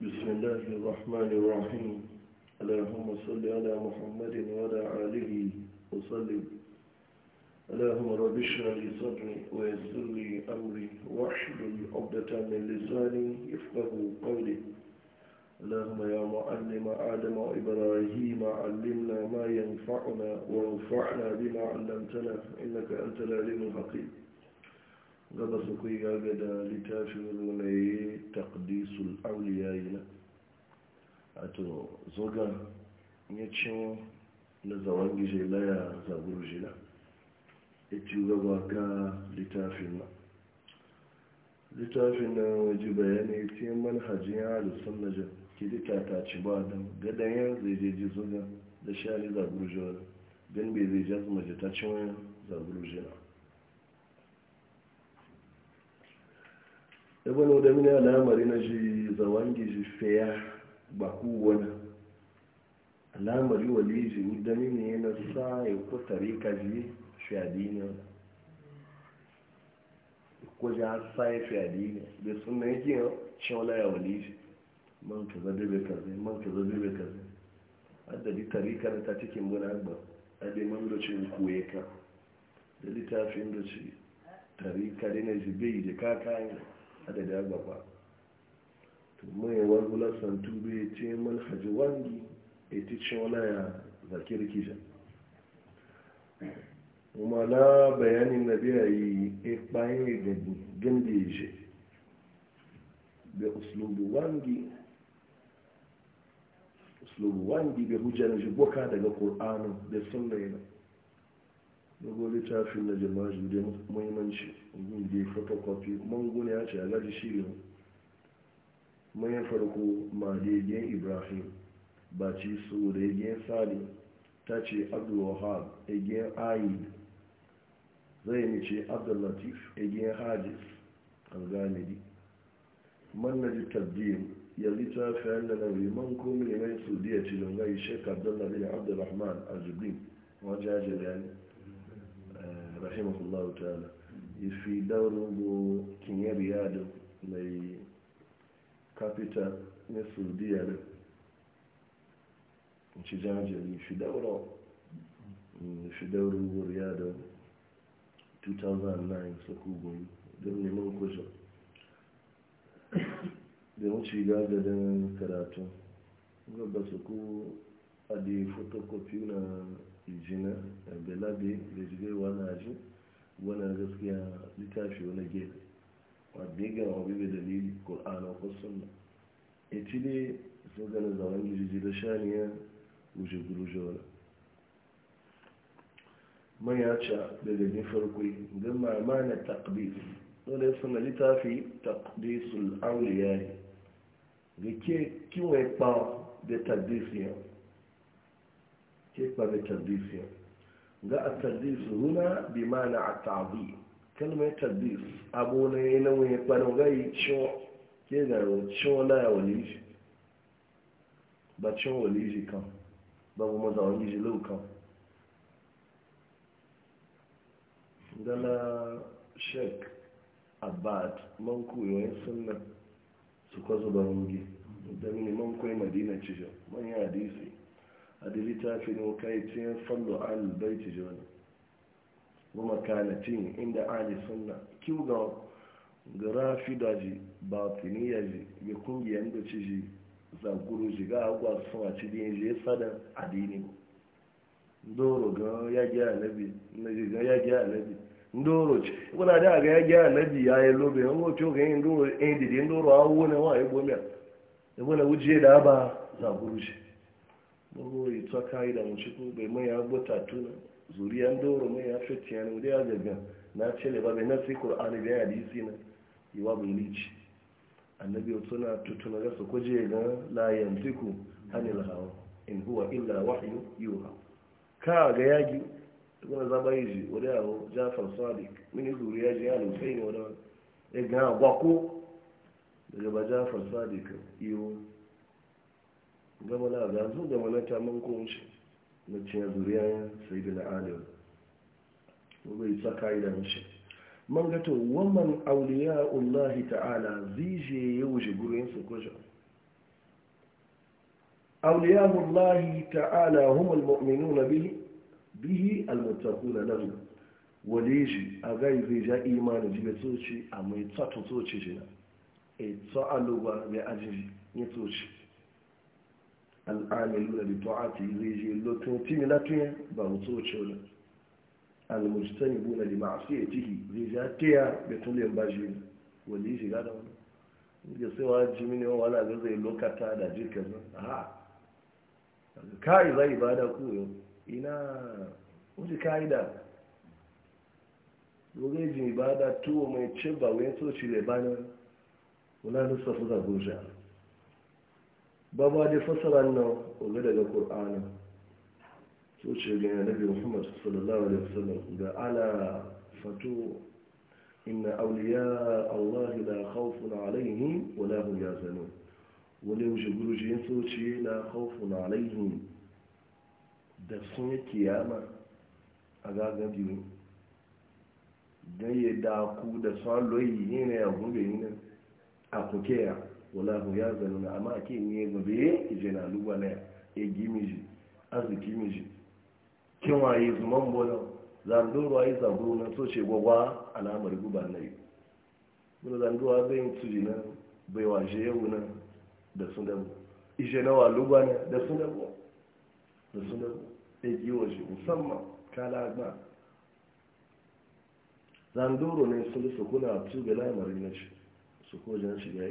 بسم الله الرحمن الرحيم اللهم صل على محمد وعلى آله وسلم اللهم رب اشرح لي صدري ويسر لي امري واحلل عقدة من لساني يفقه قولي اللهم يا معلم ادم وابراهيم علمنا ما ينفعنا وانفعنا بما علمتنا انك انت العليم الحكيم gaba su yi gaga da littafin na yi takdisul auliya yi na a to zoga ya ci na zawon gije laya zaburu jina ya ci gaba ga littafin na littafin na waje bayanai ta manhajin ya alusun na ke kilita ta ci ba don gadon ya zai je ji zoga da shani zaburu jina don bai zai jazma ta ci wani zaburu jina ibn da mini al'amari na shi zawangi shi fiya ba ku wani al'amari wali ji da mini yana sa ya ku tarika ji shi adini ko ji an sa ya fi adini da na yake yau ya wali shi man ka zabe bai kaze man ka zabe bai kaze adadi tarika na ta cikin agba ba ade man da ce kuwe ka da littafin da ce tarika na ji bai da kakayin adadi to mai wargula santube ce manhaji wangi a ticin wala ya zakir kuma na bayanin na biya yi ikpayin e gani gindi je da uslubu wangi uslubu wangi bai hujjar shi boka daga ƙur'anu da sunna yana dogon littafin na jama'a da muhimmanci gun je photocopy mangun ya ce alaji shirin mayan farko madaidiyan ibrahim ba ci su da yagen sali ta ce abdulwahab yagen ayid zai ne ce abdullatif yagen hajjis an gane di man na ji tabbim ya littafi yana na riman komi mai su diya ci don gai shek abdullah bin abdulrahman a jubin wajen ajiyar yana eh, rahimahullahu ta'ala ifi daurugo kinye riyadu mai kapita na saudiya ne ci jajin ifi dauro ifi daurugo riyadu 2009 sakugun don neman kusa da wuce gagarin karatu gaba su ku adi da fotokopi na ijina da belabe da jirewa na ajiyar wani gaskiya littafi wani gefe wadda ga wabi bai dalili ƙul'ana ko ba e ci ne sun gani zaman gijiji da shaniya wuce guruje wani man ya ci daga ne farko don mama na takdis dole suna littafi takdisul auliya ne ga ke kiwon kpa da takdis ke kpa da takdis ya ga a taddisu huna bi mana a tabi kalmar taddis abu ne na wani kwanan gai ciwo ke ga ciwo na ya wani waliji ba ciwo waliji kan babu maza wani ji laukan dala shek abad man koyo yin suna su kwazo ba rungi da mini man koyi madina cikin man yi hadisi a da littafin kaitiyar fallo albaiti jona wa makalatin inda ali sunna kiw ga garafi daji batiniya ji bi kungiyar da ci ji zaguru ji ga agwa sun a ci din je sadan adini ndoro ga yagi alabi na ji ga ya alabi ndoro ci wala da ga ya alabi ya yi lobe an go to ga yin ndoro en di ndoro awu ne wa ya bomiya e bona wuje da ba zaguru ji gbogbo ìtọ́ kayi da mọ̀chíkú bai mai ya gbọ́ta tuna zuriyan doro mai ya fiti yana wuri ya gaga na ne ba bai nasi ƙur'ani bai hadisi na yi wa bai lici annabi ya tuna tutuna gasa kuje ga layan ziku hannun hawa in huwa illa wahyu yuha ka ga yagi wani zaba yi ji wuri yawo jafar sadiq mini zuriya ji ya lusai ne wadda ya e, gana gwako daga ba jafar sadiq yiwu. gama na zazu gama na tamin kunshi na cin zuriya sai da na'adar bai tsaka yi da mishi man gato waman auliya allahi ta'ala zije ya wuce gurin su kusa auliya allahi ta'ala humul biyu bihi bihi na lahu wale shi a gai zai ja imanin jibe tsoci a mai tsato tsoci jina e tso aluwa mai ajiyar ne tsoci al'amilu da bitu'ati zai je lotun timi ba mutu wuce wani almujtani bu na limasu ya tihi zai ja tiya da tuliyan ba shi wanda yi shiga da wani ya sai wa jimi ne wani ga zai lokata da jirka zan ha kai zai ibada ku yau ina wuce ka'ida lokacin ibada tuwo mai cibba wani soci da bana wani nusa fusa gurshe babu da fasaran nan oga daga ƙur'ana so ce ga nabi muhammad sallallahu alaihi wasallam ga ala fatu inna awliya allah la khawfun alaihim wa la ya yahzanun wani shi guruji so ce la khawfun alaihim da sun yi kiyama a gagan biyu don yi daku da sun loyi yi ne a gube yi a kuke ya walahu ya zanuna amma ake ne gobe ije na lugwala ya gimiji arziki miji kinwaye zuman bonon zandoro anyị zaburu na so ce gwagwa alamar guba na yi wani zandowa zai yi tuji na bai waje yau na da sun dabu ije na waluba na da sun dabu da sun dabu ya gi waje musamman kala gba zandoro ne sun su kuna tuga lamarin na shi su ko jan shiga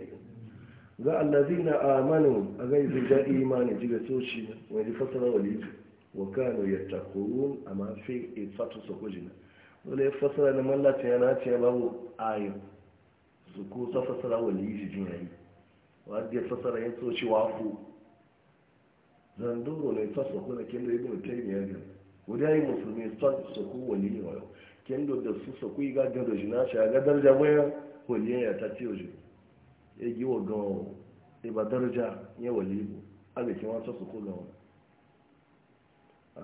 ga allazina amanu a ga yi da imani ji ga soci mai ji fasara wa liji wa kano ya takurun a mafi ifatu sokojina wale fasara na mallacin yana ce babu ayo su ko ta fasara wa liji jin yayi wadda fasara ya soci wafu zandoro ne ta sokuna kendo ibn taymiya ya yi musulmi ta soku wali yau kendo da su su ku yi ga gado jina a ga darja mai waliya ta ciyo jini. ya gi wa gawo ba daraja ya wali bu abikin wata su ko gawa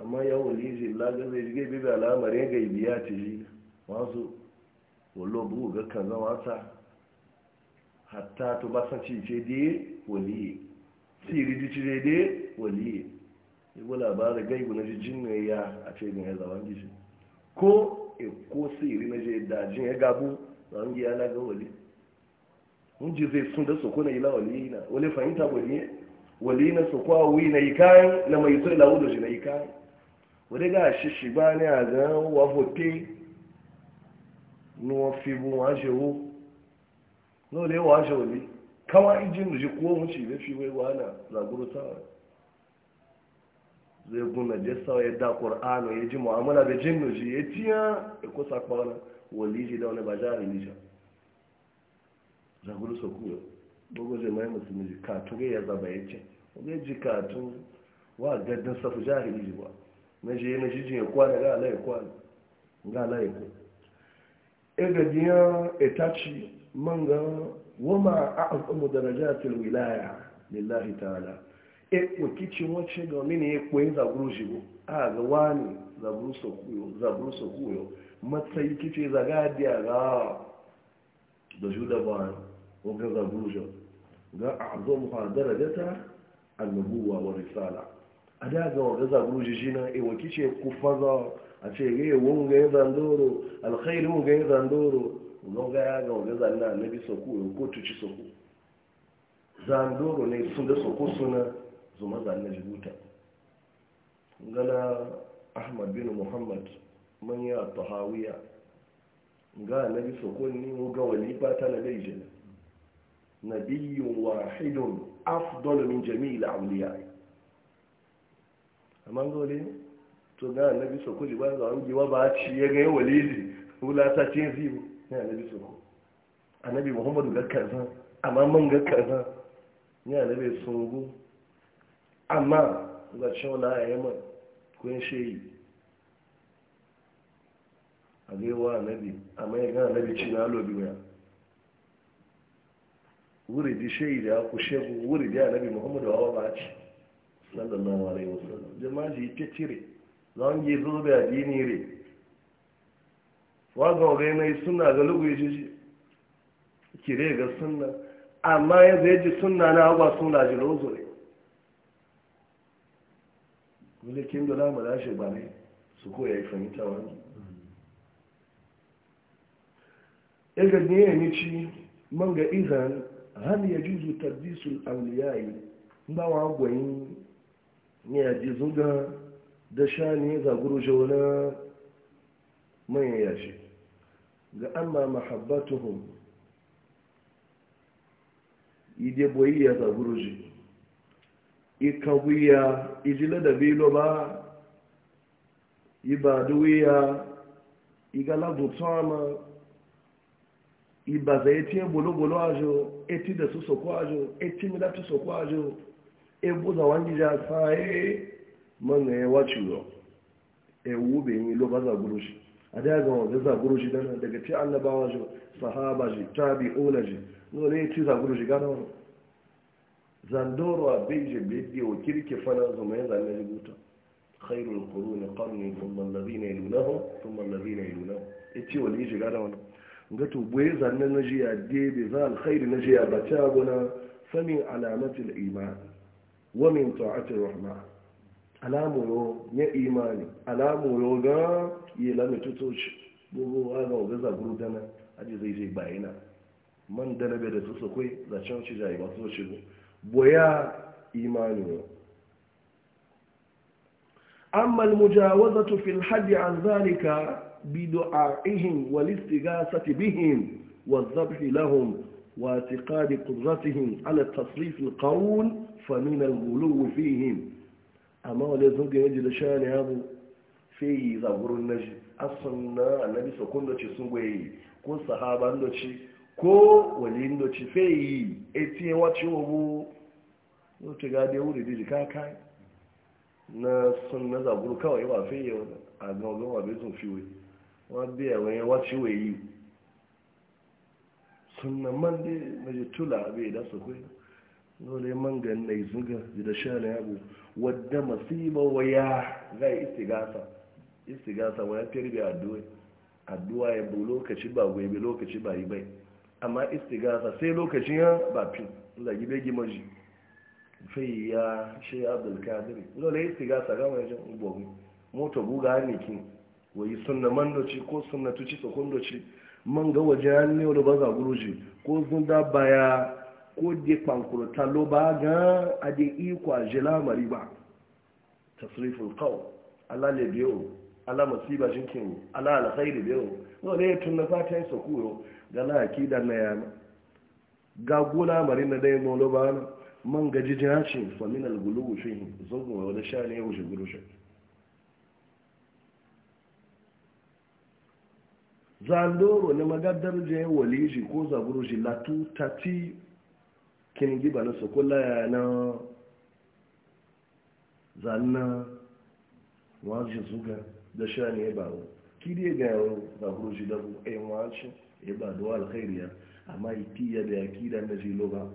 amma ya wali ji lagar zai ji gaibe da alamar ya gaibi ya ci ji wasu wallo bugu ga kan zama ta hatta to ba san ci ce dai wali siri ji ci dai wali ibu labarin gaibu na jijin ne ya a ce ya zawan gishi ko ko siri na je dajin ya gabu zawan giya na ga wali inji zai sun da soko na ila walina wale fahimta waliye waliyina soko a wuyi na yi kayan na mai so da shi na yi kayan wale ga shi shi ba ne a zan wafote ni wọn fi bu wa ṣe wo N'o lè wọ́n ṣe wòlé káwọn ijin da shi kuwa ṣì lè fi wai wà náà làgbóró táwọn zai guna jesa ya da e ƙor'ano ya ji mu'amala da jin shi ya tiya ya kusa kwanan wali ji da wani ba jari nisha zaguru sokuyo gbogbo zai mai musulmi jikatu ga ya zaba ya ce ga jikatu wa gaddin safu jahili ji ba na je na jijin ya kwana ga ala ya kwana ga ala ya ko e ga diya etachi manga wama a'zamu darajatil wilaya lillahi ta'ala e ko kici wace ga mini e ko yin zaguru bo a ga wani zaburu sokuyo zaguru sokuyo matsayi kici zaga dia ga da juda ba waga zabujo ga azom ha darajata annabuwa wa risala a daga waga zabujo shi na ewa kice ku faza a ce ga yi wunga ya zandoro alkhairu wunga ya zandoro wunga ya ga waga zanna annabi soko ya ko tuci soko zandoro ne sun da soko suna zuma zanna jibuta gana ahmad bin muhammad manya tahawiya ga annabi soko ni ga walifa ta na biyu wa filim afdomin jami'il a wuli a mai dole to ga anabi sokodi ba a ga orengewa ba a ci yaga yawa lili na wulata tinshim na anabi sokodi anabi muhammadu ga-kaza amamman gar ga-kaza anabi sun gu amma ga ci wula ayyaman kwen shehi a zai wa anabi amma ya gana anabi cina lobiyo di wuridi ya ku shegu wuridi annabi muhammadu wa ba ci sallallahu alaihi wasallam jama'a ji ta cire zan yi zo da dini re wa ga ga mai sunna ga lugu ji kire ga sunna amma ya zai ji sunna na agwa sunna ji rozo ne wani kin dole mu lashe ba ne su ko yayi fahimta wani ilga ne ya ni ci man ga izan hal ya juzu taddisul auliyayi ba wa gwayin ya ji zuga da sha ne za gurjo na manyan yashi ga amma mahabbatuhum ide boyi ya za gurjo ikawiya ijile da bilo ba ibaduwiya igaladutu ama ibazaye tiye bolo-bolo ajo eti da su sokwajo eti mila tu sokwajo ebu za wangi ja man e, e, manga ya e waciwo e wube yi lo baza gurushi a da ga wanda za gurushi dana daga ti annabawa jo sahaba ji tabi'una ji no ne ti za gurushi gana wani zandoro a beji beji o kirke fana zuma ya zane buta. khairul quruni qarni thumma alladhina yalunahum thumma alladhina yalunahum e wani wali ji da wani ga tubwe zannan na jiya debe za alkhairi na jiya ba ta gona famin alamatul iman wa min ta'atir rahma alamuro ya imani alamuro ga yi lami tutoci gugu aga ga za guru dana aji zai je bayina man dana bai da su su kwai za can ci jayi ba su ci boya imani ne amma almujawazatu fil hajji an zalika بدعائهم والاستغاثة بهم والذبح لهم واعتقاد قدرتهم على التصريف القول فمن الغلو فيهم أما ولازم يجد شان هذا في ظهور النجم أصلا النبي سكون دوشي سنوي كون صحابة دوشي كو ولين دوشي في اتين واتشي وبو wata gade wuri da jika kai na sun na zaburu kawai ba fiye a gaugawa bai sun fiye wọ́n bí ẹ̀wọ̀n yẹn wọ́n ti wẹ̀ yìí sannan ji tula bai da su kwai dole man manga na izuga da sha na yabo wadda masiba waya zai istigasa istigasa waya firbe addu'a addu'a ya bu lokaci ba gobe lokaci ba yi bai amma istigasa sai lokacin ya ba fi lagi gi gima ji fai ya shi abdulkadir dole istigasa ga wani jan ubogun mota guga ne kin wai sunna mandoci ko sunna tuci kondoci? man ga wajen ne wani ba za guruji ko sun da baya ko de ta lo ba ga a de ikwa jela mari ba tasriful qaw ala le biyo ala masiba jinkin ala alkhairi biyo no le tun na fata yin sokuyo ga na akida na yana ga gula mari na dai mo lo ba man ga jijin hacin fa min al gulu shi zo wa da shani ya wuce shi. zandoro ne magadar je wali shi ko zaburu shi latu tati kini giba na sokola ya na zanna wajen zuga da sha ne ba wu kiri ga yawon zaburu shi da bu a yin ya ba da alkhairiya amma ikiya da ya kira na shi ba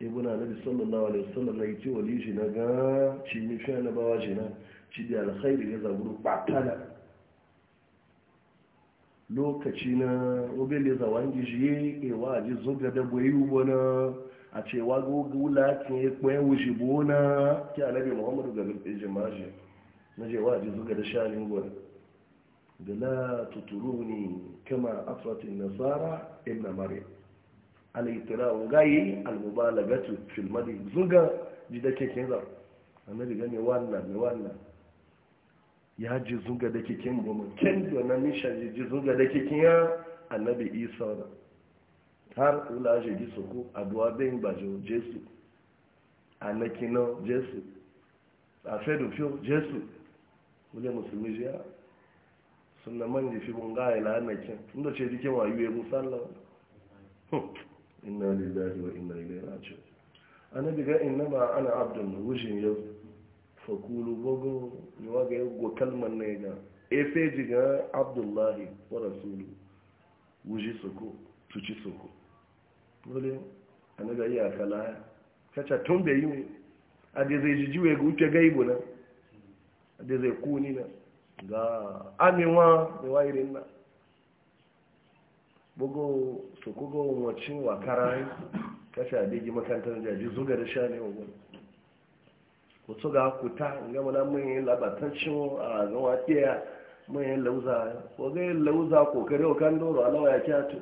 ibu na nabi sallallahu alaihi wasallam na yi wali shi na ga shi mi fiya na bawa shi na shi da alkhairi ga zaburu ba patana lokaci na obele zawangi shi ewa ji zuga da bai ubo na a cewa gula ke kwaye wuce bona ki alabi muhammadu ga lulɓe maji na cewa ji zuga da shanin gona da la tuturu ni kama afratin nasara ibn maryam al-itira'u gayi al-mubalagatu fil madi zuga ji da kake zar annabi gane wannan ne wannan ya ji zuga da kikin gomakin da na misha ji zuga da kikin ya annabi isa da har ula shi ji soko abuwa bin bajo jesu a na kina jesu a fedu fiyo jesu wule musulmi jiya suna na man fi mun gaya na kin inda ce jikin wa yiwe musallan inna lillahi wa inna ilaihi raji'un annabi ga inna ma ana abdul wujin yau fakulu bogo yawa ga yago kalmar na ga efe jiga abdullahi wa rasulu wuji soko tuci soko dole a na gari a ya kacha tun bai yi ne a da zai ji jiwe ga wuce gaibu na a da zai kuni na ga amewa da wairin na bogo soko ga wacin wakara kacha da gi makantar jaji zuga da sha ne wa gwamnati wato ga kuta ga mana mun labatan cin a gawa wakiya mun lauza ko ga lauza ko kare kan doro alawa ya kyatu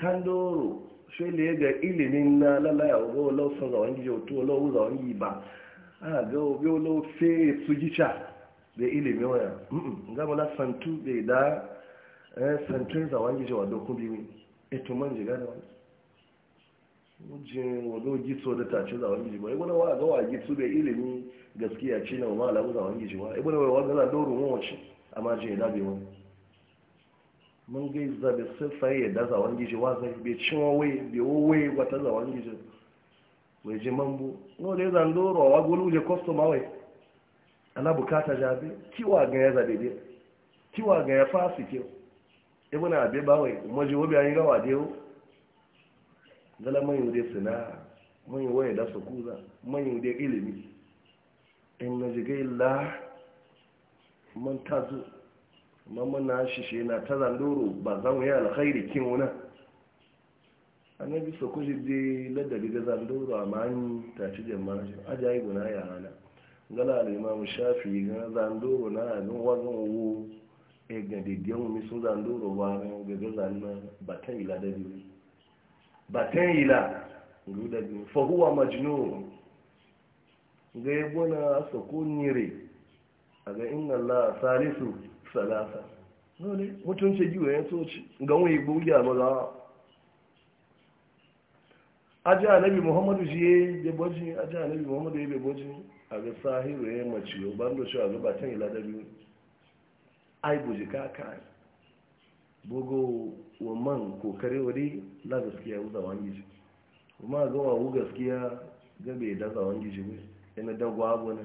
kan doro sai le ga ilimin na lalaya go lo ga wangi jo to lo wangi ba a ga go lo fe sujicha da ilimi waya ga mana santu da eh santun za wangi jo do kubi mi eto man jiga jin wado gitso da tace zawon gishi ba ibana wa ga wa gitso bai ilimi gaskiya ce na wa alamu zawon gishi ba ibana wa ga zan doro mu wace amma jin da bai wani mun ga za da sifai ya da zawon gishi wa sai be cin wawe bai wawe wata zawon gishi wai ji mambu no da zan doro wa gulu je customer wai ana bukata jabe kiwa ga ya zabe dai kiwa ga ya fasi kiwa ibana abe ba wai mu je wobi an yi gawa dai zala mai wude sina mai waya da su kuza mai wude ilimi in na jigai la man tazo mamman na shishe na ta zandoro ba zan wuya alkhairi kin wuna annabi so ko jide ladabi ga zandoro amani ta ci jama'a ajayi guna ya hana gala al-imam shafi ga zandoro na ga wazan wo e ga de diyan sun zandoro ba ga ga zanna ba ta ilada batan ila guda biyu fahuwa majnun ga yi gona su kunyere inna la salisu salasa dole mutunce giwa ya soci ga wani bugiya ba za a anabi muhammadu shi de yi aja a anabi muhammadu ya yi aga a ga sahiru ya yi maciyo ban da shi a ila ai buji ka kai bugu wa man kokare wuri na gaskiya wuza wangi shi kuma ga wawu gaskiya ga bai daza wangi shi bai yana dagwa abu ne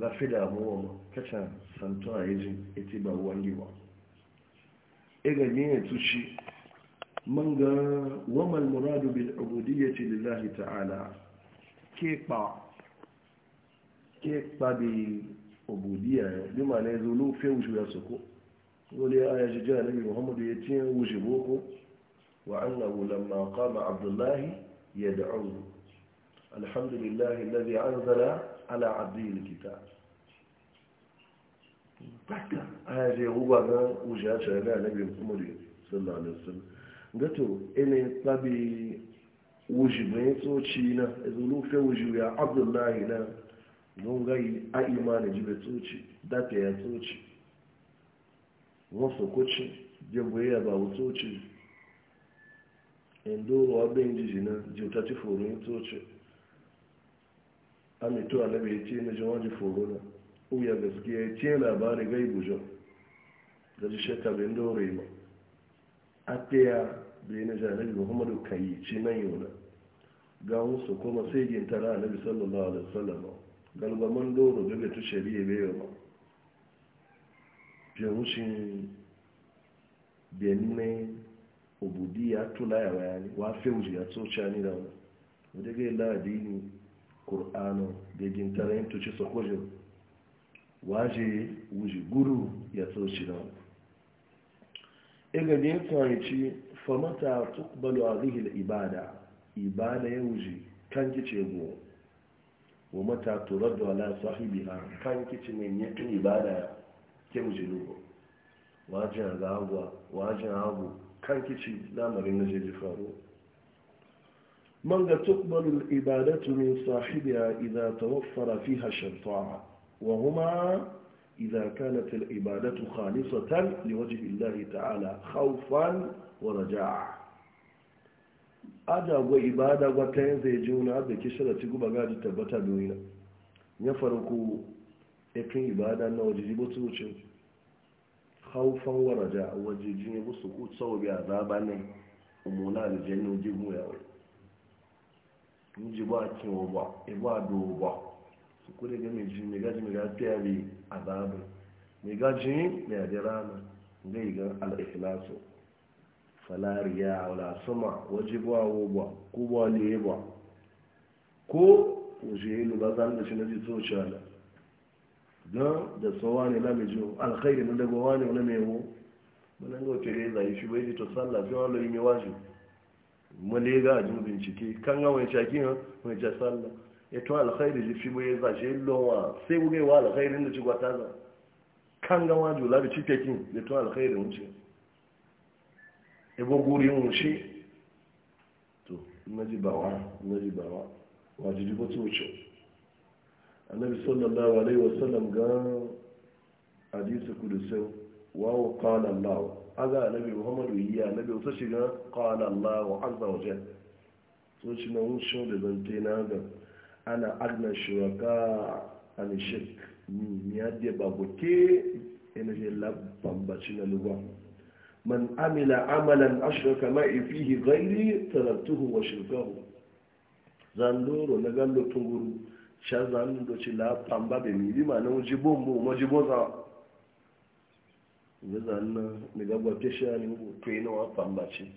ga fi damuwa ma kacha santo a yaji eti ba wangi ba e ga yin tushi man ga wamal muradu bil ubudiyyati lillahi ta'ala ke pa ke pa bi ubudiyya bi ma ne zulu fe wuju ya soko wani ya aya shi jira nabi muhammadu ya ce wuce boko wa annahu lamma qama abdullahi yad'u alhamdulillahi alladhi anzala ala abdihi alkitab baka aya je huwa ga wuce ya ce na nabi muhammadu sallallahu alaihi wasallam gato ene tabi wuce mai tsoci na zulufe wuce ya abdullahi na don gungayi a imanin jibe tsoci data ya tsoci wọ́n sọ̀kọ́chí jẹ́bùrẹ́ àbàwò tó ṣe ẹ̀ndóró abẹ́ǹdìjì náà jẹ́ tàti fòrò ní tó ṣe àmì tó àlẹ́bẹ̀ etí ẹni jẹ́ wọ́n jẹ́ fòrò náà ó yà gàsìkì ẹ̀ làbárẹ̀ gẹ́ ìgbòjọ́ gàjú ṣẹ́kàbẹ̀ ẹ̀ndóró ìmọ̀ apẹ́yà bẹ́ẹ̀ na jẹ́ àlẹ́bẹ̀ muhammadu kayi ṣe náà yìí náà gawun su kuma sai gintara annabi sallallahu alaihi wasallam galba beninai jẹ̀wúṣin bẹ̀ẹ́nẹ́ òbòdí àtúláyàwó yá ni wàá fẹ́ òjì àtúnṣe àníra wọn wadage ladi ne ƙur'anu da gintarayin tuci sokojo waje wuji guru ya tsoci na iga ne kwanci famata tukbalu a zihil ibada ibada ya wuji kan kice go wa mata turaddu ala sahibiha kan kice mai yakin ibada kemjinu wajen gawa wajen abu kan kici lamarin na jeji faru man ga tukbalul ibadatu min sahibiya idan tawaffara fiha sharta'a wa huma idan kanat al ibadatu khalisatan liwajhi illahi ta'ala khawfan wa raja'a aja go ibada go tayin zai juna da kishirar ci guba gaji tabbata duniya ya farko yakin ibada na wajiji ba su wuce haufan waraja wajiji ne ba su ku tsawo biya zaba ne umuna da jannu jigun ya wai nji ba kewa ba iba dogo ba su kuɗe ga mai jini gaji mai gaji ya bi a zaɓi mai gaji mai yaji rana zai ga al'ikilasu falariya wala sama waje ba wo ba ko ba ne ba ko waje yi lubazan da shi na ji don da tsawa ne na mejo alkhairi na daga wani wani mai wo manan ga tere reza yi shi bai to sallah fi wani mai waji male ga ajin bincike kan ga wani shaki ha wani ja sallah ya to alkhairi ji shi bai za shi lowa sai ku gaiwa alkhairi da ci gwata za kan ga wani jula da tekin ya to alkhairi wuce ebo guri wuce to naji bawa naji bawa wajibi ko ci annabi sallallahu alaihi wasallam ga hadisi kudusin wawo qala allah aga annabi muhammadu yi annabi wasu shiga qala allah azza wa jalla so shi na wucin da zante na ga ana agna shuraka an shirk ni ya je babu ke ina je labban baci na lugwa man amila amalan ashraka ma'i fihi ghairi taraktuhu wa shirkahu zandoro na gallo tunguru shazan do ci la pamba be mi bi ma na uji bombo mo boza ne zan na ne ga gwa pesha ko to ina wa pamba ce.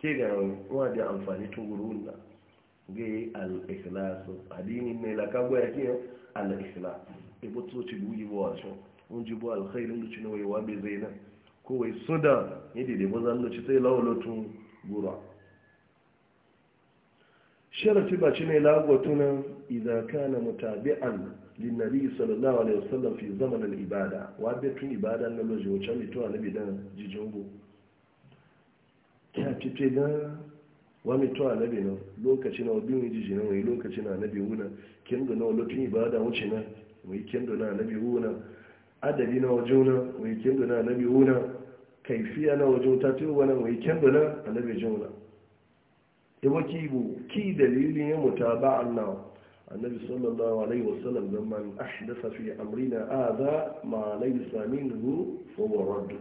ke ga wa da amfani to gurun na ge al ikhlas adini ne la ka gwa ke al ikhlas e bo to ci buyi bo aso unji bo al khair ndu ci no wa be zaina ko wai soda ne de bo zan do ci sai lawlotun gura sharati ba ci ne la gotuna idza kana mutabi'an linnabi sallallahu alaihi wasallam fi zaman al-ibada wa tun ibada na loje wacce mi to annabi dan jijungo kya tite na wa lokaci na obi mi jijina wai lokaci na annabi wuna kendo na lokacin ibada wuce na wai kendo na annabi wuna adabi na wajuna wai kendo na annabi wuna kaifiya na wajun ta wai kendo na juna ibo ki dalilin yin mutaba'an na. annabi sallallahu alaihi wasallam da man ahdasa fi amrina adha ma laysa minhu fa huwa radd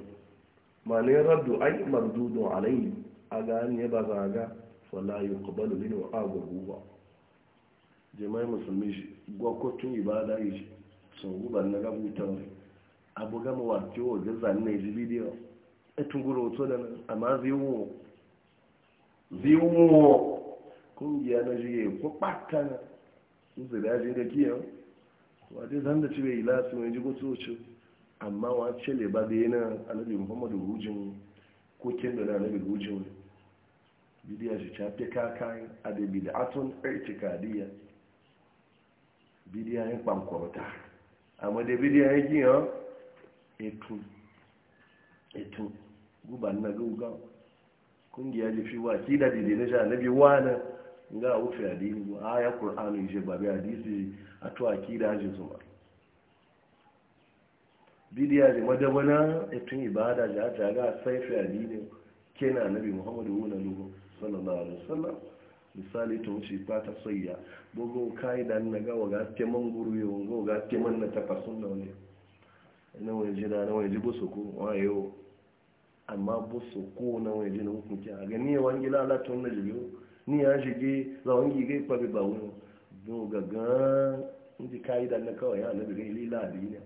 ma ne raddu ay mardudu alayhi aga ne ba zaga fa la yuqbalu minhu abuhu ba jama'i musulmi shi gwakwatin ibada yi sun guban na gabutan abu gama wace wa gaza ne ji bidiyo etun guro to da amma ziwo ziwo kungiya na jiye ko patana su da yajin da giya wajen zan da cibe ila su mai ji gutsucu amma wa cele ba da yana alabi muhammadu rujin kokin da na alabi rujin bidiya shi cafe kakan adabi da atun irtikadiyya bidiya yin kwankwauta amma da bidiya yin giyan etu etu guban na gugan kungiya ji fi wa kida dide na sha alabi wa na nga wufe hadisi bu aya qur'ani je babu hadisi a to akida je zuma bidiya je madabana etun ibada je ta ga saifi hadini kena nabi muhammadu wa nalu sallallahu alaihi wasallam misali to shi kwata sayya bogo kai dan na ga waga teman guru yo go ga teman na tafasun da wani ina wani jira na wani jibo soko wayo amma bo soko na wani jina hukunci a gani wangila alatun na jibo ni ya shige zawon gai kwabi ba wani dogagan inji kayi da na kawai ya nabi gai lila ne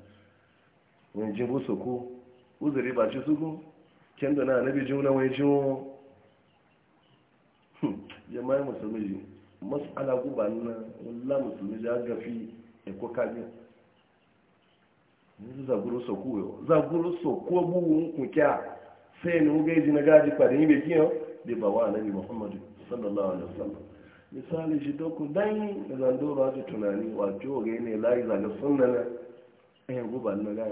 wani jin buso ko uzuri ba ci suku na nabi jin na wani jin wo musulmi ji alagu ba nuna wala musulmi ji agafi ya zaguru ko yau zaguru so ko buwun kukya sai ni ji na gaji muhammadu sallallahu alaihi wasallam misali shi doku dan zandora ji tunani wato ga ne layi zaga sunna na eh guba na ga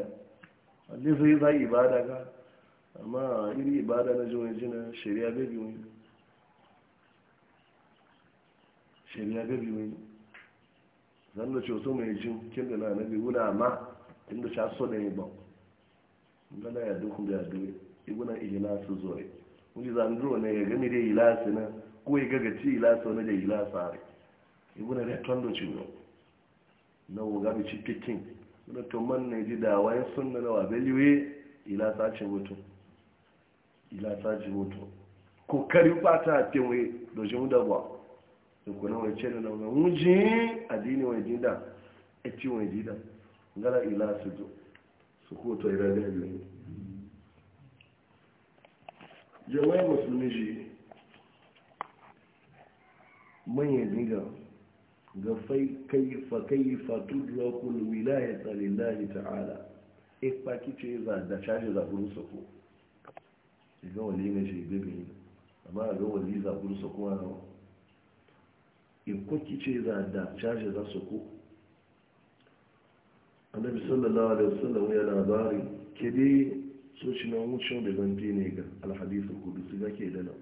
wanda zai za ibada ga amma iri ibada na jiwon jina shari'a bai biyu shari'a bai biyu zan da cewa mai jin kin da na nabi wuna ma tun da sha so da yi ba ngana ya dukun da ya duwe iguna ihlasu zore wani zandura ne ya gani dai ihlasu na kuwa gaga ci ilasa wani da ilasa ibuna da tondo ci no na woga bi ci pikin na to man na ji da wayan suna na wabeliwe ilasa ce mutu ilasa ce mutu kari fata a we wai jimu da ba da kuna wai ce na nauna muji adini wai dinda a e ci wai dinda gara ilasa zo su koto to ira da musulmi ji manyan riga, ga kaifa kaifa tudrakul wilayata lillahi ta'ala ipa ce za da caji za guru sako ga wani ne shi bibi amma ga wani za guru sako ana ki ce za da caji za sako annabi sallallahu alaihi wasallam ya labari Ke so shi na wucin da zanti ne ga alhadisul qudusi gake da nan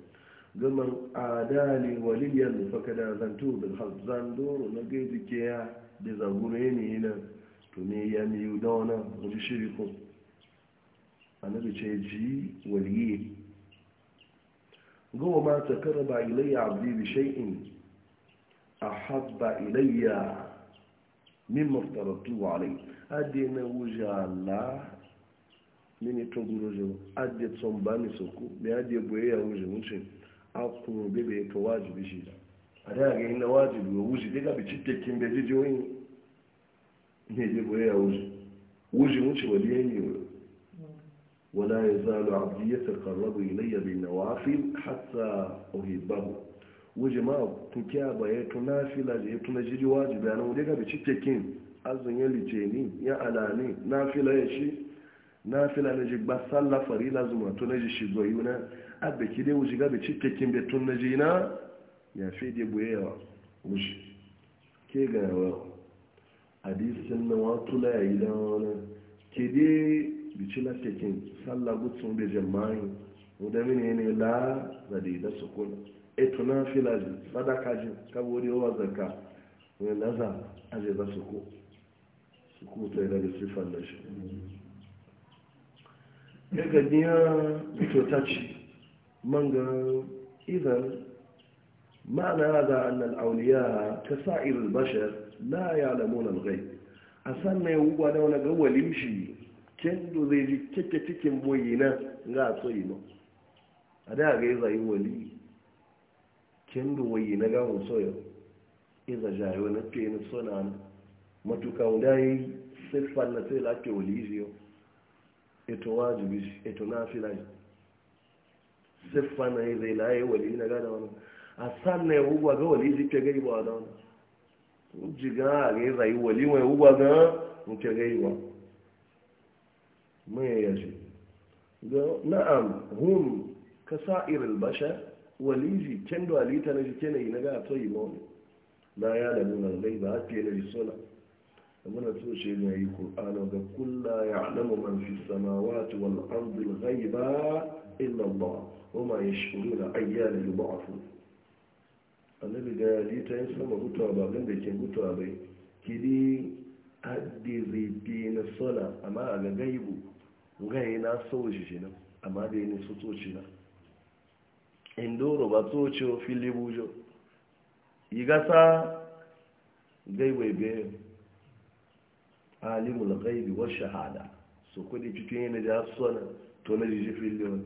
gaman adali waliyan fakada zantu bil haq zandoro na gaji ke ya da zagure ne na to me ya mi yudona wani shiri ko annabi ce ji waliyi goma ma ta karba ilayya abdi bi shay'in ahabba ilayya mimma aftaratu alayhi adina wuja Allah mini to gurojo adde tsombani soko me adde boye ya wuce wuce aku bebe to wajibi shi a aga ga na wajibi wa wuji daga bi cikkekin da ji jiwoyin ne je boye ya wuji wuji mun ci wali yayi wa wala yazalu abdi yataqarrabu ilayya bin nawafil hatta uhibbahu wuji ma tukiya ba ya tuna fila da ya tuna jiri wajibi ana daga bi cikkekin azun ya litini ya alani nafila ya shi nafila na ji ba sallah farila zuma to na ji shi yuna. abbe ki dai wuce gabe cikakken tun na jina ya fi dai buyewa wuce ke ga disin na wato la yayi da wani ke dai bici lafiyakin sallah gutsun da jama'i wadda mini ne la zade da sukun eto na filaji sadaka jin kabori wa zarka wani laza zai za suku suku ta yi daga sifan da shi ya gajiya fito ta ce man ga idan ma'ana hada annal auliya ka sa'irul bashar la ya'lamuna al-ghaib a san mai wuwa da wani ga walim shi kendo zai ji kike cikin boye na ga yi no a da ga yaza kendo waye na ga mun iza jayo na ke ni sona matuka undai sifan na sai la ke wali yo eto wajibi eto nafila siffa na yi zai laye wali na gada wani a san na ya hugwa ga wali zai ke gari ba da wani jiga a ga yi zai wali mai hugwa ga nke gari ba mai ya ce na'am hum ka sa irin basha wali ji ken da alita na jike na yi na gada toyi ba wani na ya da nuna zai ba a fiye na jisola muna so shi ne yi ƙur'ana ga kulla ya alamu man fi samawati wal ardi ghaiba illa Allah وما يشعرون أيان يبعثون annabi ga lita yin sama gutuwa ba gan da ke gutuwa bai kidi adiribi na sola amma a ga gaibu gai na sauji shi nan amma da yi su tsoci na indoro ba tsoci o fili bujo yi gasa gaibu ebe alimul gaibi wa shahada su kudi cikin yana da sona to na fili wani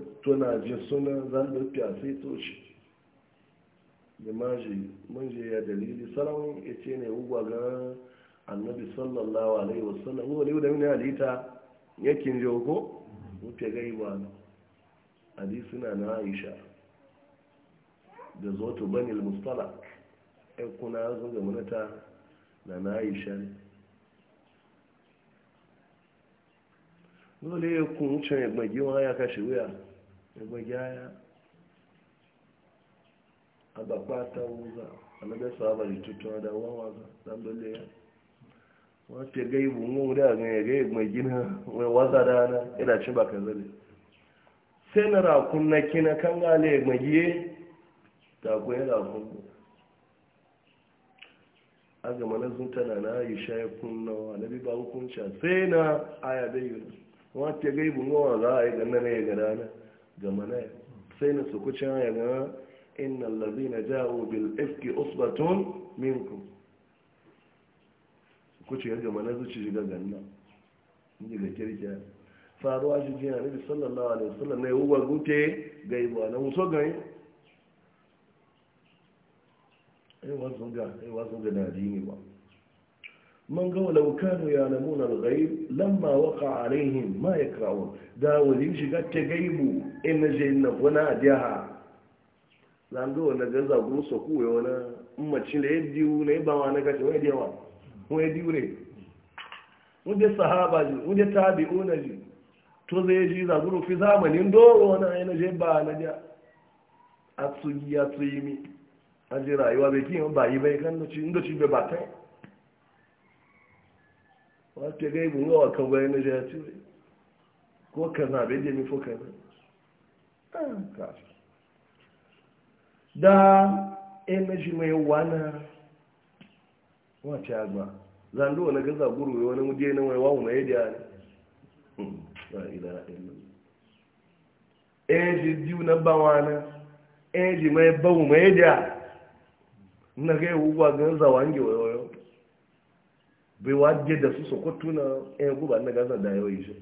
tuna je suna zan da a sai toshi da maji manje ya dalili sarawin ya ce ne ugwa ga annabi sallallahu alaihi wasallam ugwa ne da mini halitta yakin je ko mutu ga ba. adi na na aisha da zoto bani mustala ya kuna zo ga munata na na aisha dole kun wuce mai magiwa ya kashe wuya gbajaya a bakwata wuza a na gaisu a bari tutuna da wawaza dan dole ya wace gai bungun da ne mai gina na waza na ina zale sai na rakun na kina kan gale mai giye ta kuwa ya rakun ku a gama na zunta na na yi shayi na bi ba sai na aya bai gama na sai na suku can ya ga inna allazi na ja'u bil ifki usbatun minkum suku ce gama na zuci shiga ganna inji ga kirkiya faruwa shi jiya nabi sallallahu alaihi wasallam na yi uwa gute ga ibuwa na muso gani ai wasu ga ai wasu ga na dini ba man ga walau kanu ya namuna al-ghaib lamma waqa alaihim ma yakraun da wali shiga ta gaibu in je na wana diha zan ga wannan ga zagu so ku ya wana ummaci da yadi ne ba wa na ga wai diwa wai diu ne mu da sahaba ji mu da tabi'una ji to zai ji zagu fi zamanin doro wana ina je ba na ja rayuwa bai ba yi bai kan ci ba wata gaibu yawa kan bayan na jati ko kaza bai je mifo kaza ah, da energy eh, mai wana wata agba zando wani gaza guru wani muje na mai wawo mai yadda ne ba ila ilmi energy diu na bawana energy eh, mai bawo mai yadda na gaibu ba ganza wange wayo bai waje da su sokoto na yan guba na gaza da yawai shi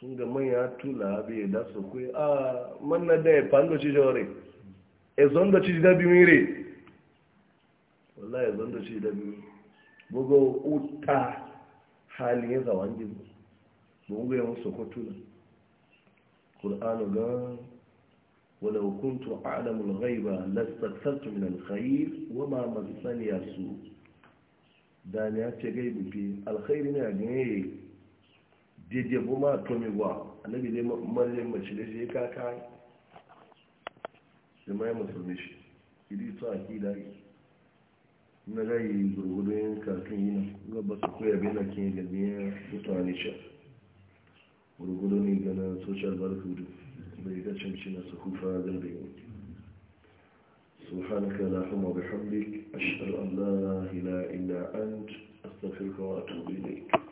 sun ga manya tula bai da su kwe a ah, manna da ya fando ci jore e zon da ci da bi mire wallahi zon da ci da bi bugo uta hali ya zawan ji bungo yan sokoto na ƙul'anu ga ولو كنت أعلم الغيب لاستكثرت من الخير وما مسني سوء da ne ya ce gai bufi alkhairi ne a ganye daidai bu ma tomi gwa annabi dai maryam mace da shi kaka da mai musulmi shi idi to yi na gai gurgudun kakin yi na gaba su koya bai na kin gabi mutane shi gurgudun ne gana social barcode bai ga cimci na su kufa zarbe سبحانك لا اللهم بحمدك أشهد أن لا إله إلا أنت أستغفرك وأتوب إليك